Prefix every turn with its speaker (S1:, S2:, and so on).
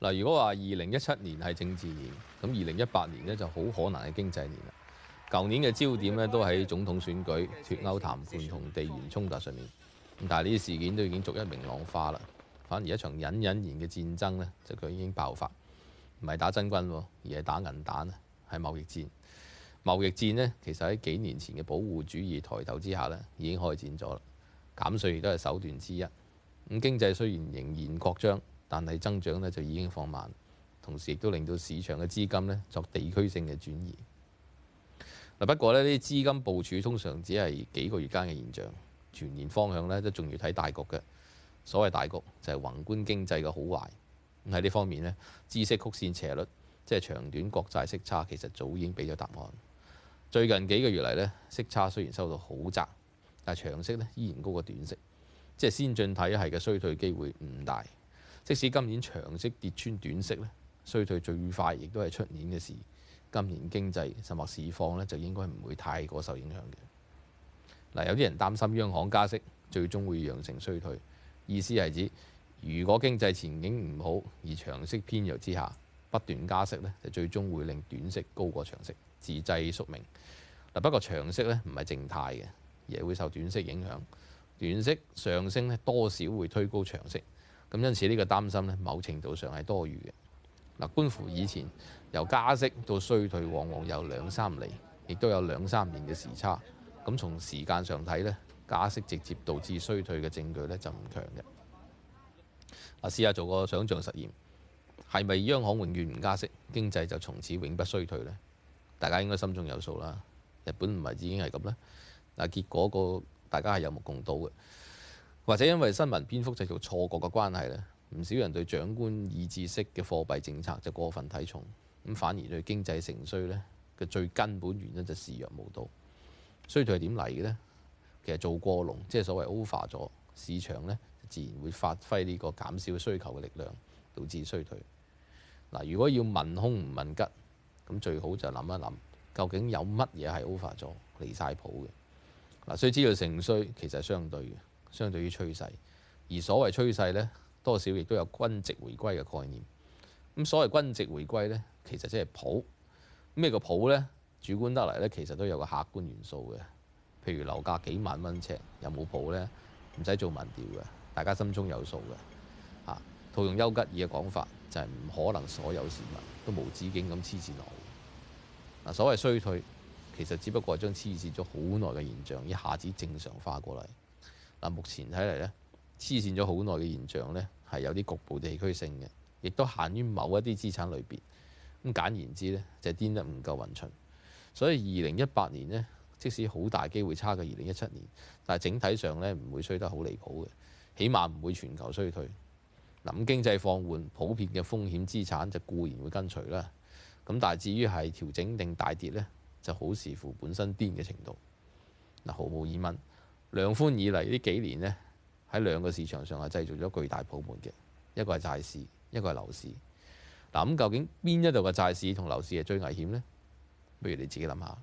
S1: 嗱，如果話二零一七年係政治年，咁二零一八年呢就好可能係經濟年啦。舊年嘅焦點咧都喺總統選舉、脫歐談判同地緣衝突上面，但係呢啲事件都已經逐一明朗化啦。反而一場隱隱然嘅戰爭呢就佢已經爆發，唔係打真軍喎，而係打銀彈啊，係貿易戰。貿易戰呢其實喺幾年前嘅保護主義抬頭之下呢已經開展咗啦。減稅亦都係手段之一。咁經濟雖然仍然擴張。但係增長呢，就已經放慢，同時亦都令到市場嘅資金呢，作地區性嘅轉移嗱。不過呢啲資金部署通常只係幾個月間嘅現象，全年方向呢，都仲要睇大局嘅。所謂大局就係宏觀經濟嘅好壞。喺呢方面呢，孳息曲線斜率，即係長短國債息差，其實早已經俾咗答案。最近幾個月嚟呢，息差雖然收到好窄，但係長息呢，依然高過短息，即係先進體系嘅衰退機會唔大。即使今年長息跌穿短息咧，衰退最快亦都係出年嘅事。今年經濟甚或市況咧，就應該唔會太過受影響嘅。嗱，有啲人擔心央行加息最終會釀成衰退，意思係指如果經濟前景唔好而長息偏弱之下不斷加息咧，就最終會令短息高過長息，自製宿命。嗱，不過長息咧唔係靜態嘅，而係會受短息影響。短息上升咧，多少會推高長息。咁因此呢個擔心咧，某程度上係多餘嘅。嗱，觀乎以前由加息到衰退，往往有兩三釐，亦都有兩三年嘅時差。咁從時間上睇咧，加息直接導致衰退嘅證據咧就唔強嘅。啊，試下做個想像實驗，係咪央行永遠唔加息，經濟就從此永不衰退呢？大家應該心中有數啦。日本唔係已經係咁啦，嗱，結果個大家係有目共睹嘅。或者因為新聞篇幅製造錯覺嘅關係呢，唔少人對長官意志式嘅貨幣政策就過分睇重，咁反而對經濟盛衰呢嘅最根本原因就視若無睹。衰退係點嚟嘅呢？其實做過龍，即係所謂 over 咗市場呢，自然會發揮呢個減少需求嘅力量，導致衰退。嗱，如果要問空唔問吉，咁，最好就諗一諗究竟有乜嘢係 over 咗，離晒譜嘅嗱。需知道盛衰其實係相對嘅。相對於趨勢，而所謂趨勢呢，多少亦都有均值回歸嘅概念。咁所謂均值回歸呢，其實即係譜咩個譜呢，主觀得嚟呢，其實都有個客觀元素嘅。譬如樓價幾萬蚊尺，有冇譜呢？唔使做民調嘅，大家心中有數嘅。套用丘吉爾嘅講法，就係、是、唔可能所有市民都無止境咁黐線落。所謂衰退，其實只不過係將黐線咗好耐嘅現象一下子正常化過嚟。嗱，目前睇嚟咧，黐線咗好耐嘅現象咧，係有啲局部地區性嘅，亦都限於某一啲資產類別。咁簡言之咧，就係癲得唔夠勻循。所以二零一八年呢，即使好大機會差過二零一七年，但係整體上咧，唔會衰得好離譜嘅，起碼唔會全球衰退。嗱，咁經濟放緩，普遍嘅風險資產就固然會跟隨啦。咁但係至於係調整定大跌呢，就好視乎本身癲嘅程度。嗱，毫無疑問。量寬以嚟呢幾年咧，喺兩個市場上係製造咗巨大泡沫嘅，一個係債市，一個係樓市。嗱，咁究竟邊一度嘅債市同樓市係最危險呢？不如你自己諗下。